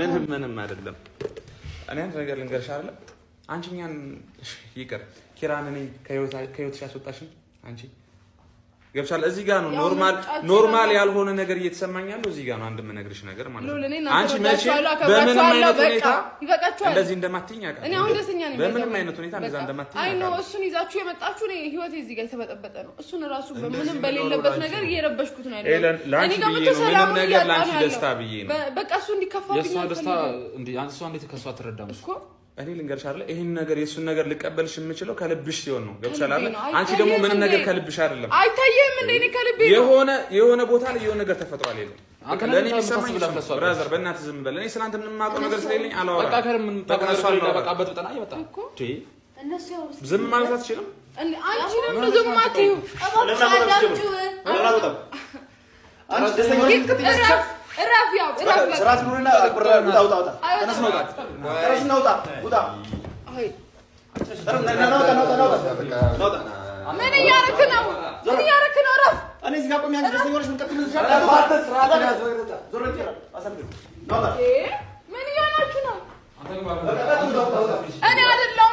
ምንም ምንም አይደለም። እኔ አንድ ነገር ልንገርሽ አለ አንቺ እኛን ይቅር ኪራን ከህይወትሽ ያስወጣሽን አንቺ ገብቻለ። እዚህ ጋር ነው ኖርማል ኖርማል ያልሆነ ነገር እየተሰማኝ ያለው እዚህ ጋር ነው። አንድ የምነግርሽ ነገር ማለት ነው አንቺ መቼ በምንም አይነት ሁኔታ እንደዚህ እንደማትይኝ አውቃለሁ። እኔ አሁን ደስተኛ ነኝ። በምንም አይነት ሁኔታ እንደዛ እንደማትይኝ አይ ነው። እሱን ይዛችሁ የመጣችሁ እኔ ህይወቴ እዚህ ጋር የተበጠበጠ ነው። እሱን ራሱ በምንም በሌለበት ነገር እየረበሽኩት ነው ያለው። እኔ ጋር ምንም ነገር ላንቺ ደስታ ብዬ ነው በቃ እሱ እንዲከፋብኝ ደስታ እንዴ እሷ እንዴት ከሷ ትረዳም እኮ እኔ ልንገርሽ አይደለ ይሄን ነገር የሱን ነገር ልቀበልሽ የምችለው ከልብሽ ሲሆን ነው። ገብቶሻል አይደለ? አንቺ ደግሞ ምንም ነገር ከልብሽ አይደለም። አይታየም እንዴ? እኔ ከልቤ የሆነ የሆነ ቦታ ላይ የሆነ ነገር ተፈጥሯል። የለም ለእኔ የሚሰማኝ ብራዘር፣ በእናትህ ዝም በል። እኔ ስላንተ ምንም የማውቀው ነገር ስለሌለኝ አላወራም። በቃ ምን ከርም በቃበት በጠና ይመጣ ዝም ማለት አትችልም። አንቺ ደግሞ ዝም አትዩ። እባክሽ አዳምጪው። አንቺ ደስተኛ ስራት ኑርና ውጣ ውጣ ውጣ ተነስ ነው ውጣ ተነስ ነው ውጣ ውጣ ምን እያደረክ ነው? ምን እያደረክ ነው? እረፍ። እኔ እዚህ ጋር ቆሜ አንቺ ደስተኛ ሆነሽ ምን ቀጥል ነው? እኔ አይደለሁም።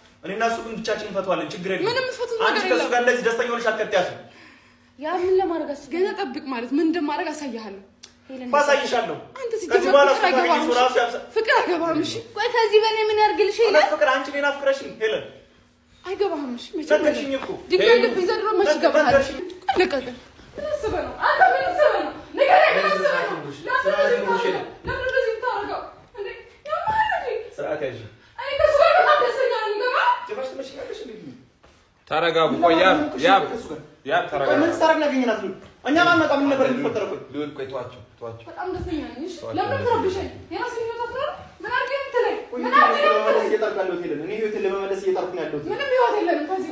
እኔ እና እሱ ግን ብቻችን እንፈተዋለን። ችግር የለም። ምንም ፈቱ ነገር አንቺ ከሱ ጋር እንደዚህ ደስተኛ ሆነሽ አትቀጥያትም። ያ ምን ለማድረግ አስ ገና ጠብቅ ማለት ምን እንደማድረግ አሳያለሁ። ባሳይሻለሁ አንተ ከዚህ በኋላ ፍቅር አይገባም። እሺ ቆይ ከዚህ በላይ ምን ያርግልሽ? ሄለን ፍቅር አንቺ ሌላ ፍቅረሽ ሄለን አይገባም። እሺ መቼ ነገርሽኝ እኮ ድጋሚ ልብ ይዘድሮ መቼ ገባሃል? ለቀቀ ምን አስበህ ነው አንተ ምን አስበህ ነው ንገረኝ። ምን አስበህ ነው ተረጋጉ። ቆይ ያ ያ ያ ምን ነው ያገኘናት? ማን ነበር ልውል። ቆይ በጣም ነኝ። ለምን ምን ምን እኔ ለመመለስ ነው ምንም ህይወት የለም ከዚህ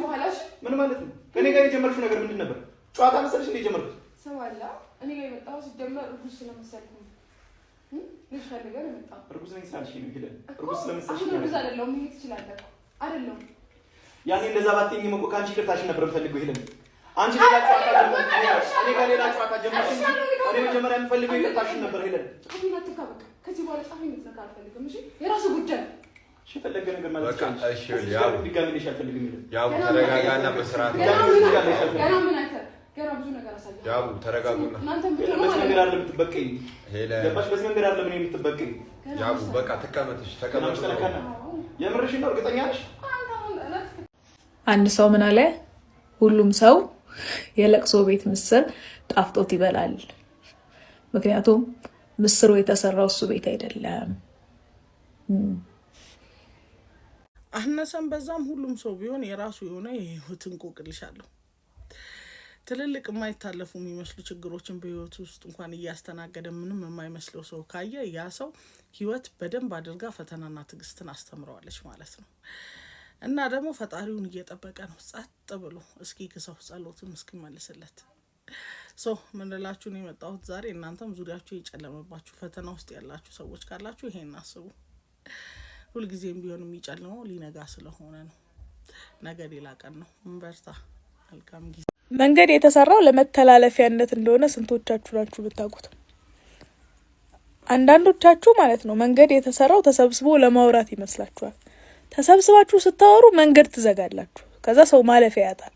ምን ማለት ነው? ጋር የጀመርሽው ነገር ምንድን ነበር? ጨዋታ መሰለሽ እንደ የጀመርኩት ሰው አለ። እኔ ጋር የመጣሁት ሲጀመር እርጉዝ ስለመሰልኩ ልጅ ፈልገን የመጣሁት እርጉዝ ነኝ ስላልሽኝ ነው። ሄደን እርጉዝ ስለመሰልሽ አይደለሁም። ይሄ ትችላለህ አይደለሁም ያኔ እንደዛ ባቴ የሚመቁ ከአንቺ ይቅርታሽን ነበር የምፈልገው። ይሄንን አንቺ ሌላ ጨዋታ ጀመርሽ፣ እኔ ጀመርሽ። እኔ መጀመሪያ የምፈልገው ይቅርታሽን ነበር። ከዚህ በኋላ አልፈልግም። የራሱ ጉዳይ ነገር ማለት ያው ተረጋጋና ያው ያው እርግጠኛ አንድ ሰው ምን አለ? ሁሉም ሰው የለቅሶ ቤት ምስር ጣፍጦት ይበላል። ምክንያቱም ምስሩ የተሰራው እሱ ቤት አይደለም። አነሰም በዛም ሁሉም ሰው ቢሆን የራሱ የሆነ የህይወት እንቆቅልሽ አለው። ትልልቅ የማይታለፉ የሚመስሉ ችግሮችን በህይወት ውስጥ እንኳን እያስተናገደ ምንም የማይመስለው ሰው ካየ ያ ሰው ህይወት በደንብ አድርጋ ፈተናና ትዕግስትን አስተምረዋለች ማለት ነው። እና ደግሞ ፈጣሪውን እየጠበቀ ነው ጸጥ ብሎ እስኪ ክሰው ጸሎትም እስኪመልስለት ሶ ምንላችሁን የመጣሁት ዛሬ እናንተም ዙሪያችሁ የጨለመባችሁ ፈተና ውስጥ ያላችሁ ሰዎች ካላችሁ ይሄን አስቡ። ሁልጊዜም ቢሆን የሚጨልመው ሊነጋ ስለሆነ ነው። ነገ ሌላ ቀን ነው። እንበርታ። መልካም ጊዜ። መንገድ የተሰራው ለመተላለፊያነት እንደሆነ ስንቶቻችሁ ናችሁ ብታውቁት? አንዳንዶቻችሁ ማለት ነው። መንገድ የተሰራው ተሰብስቦ ለማውራት ይመስላችኋል። ተሰብስባችሁ ስታወሩ መንገድ ትዘጋላችሁ። ከዛ ሰው ማለፊያ ያጣል።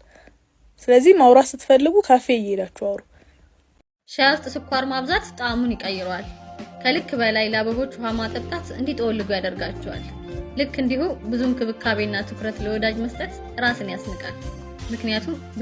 ስለዚህ ማውራት ስትፈልጉ ካፌ እየሄዳችሁ አውሩ። ሻይ ውስጥ ስኳር ማብዛት ጣዕሙን ይቀይረዋል። ከልክ በላይ ለአበቦች ውሃ ማጠጣት እንዲጠወልጉ ያደርጋቸዋል። ልክ እንዲሁ ብዙ እንክብካቤና ትኩረት ለወዳጅ መስጠት ራስን ያስንቃል። ምክንያቱም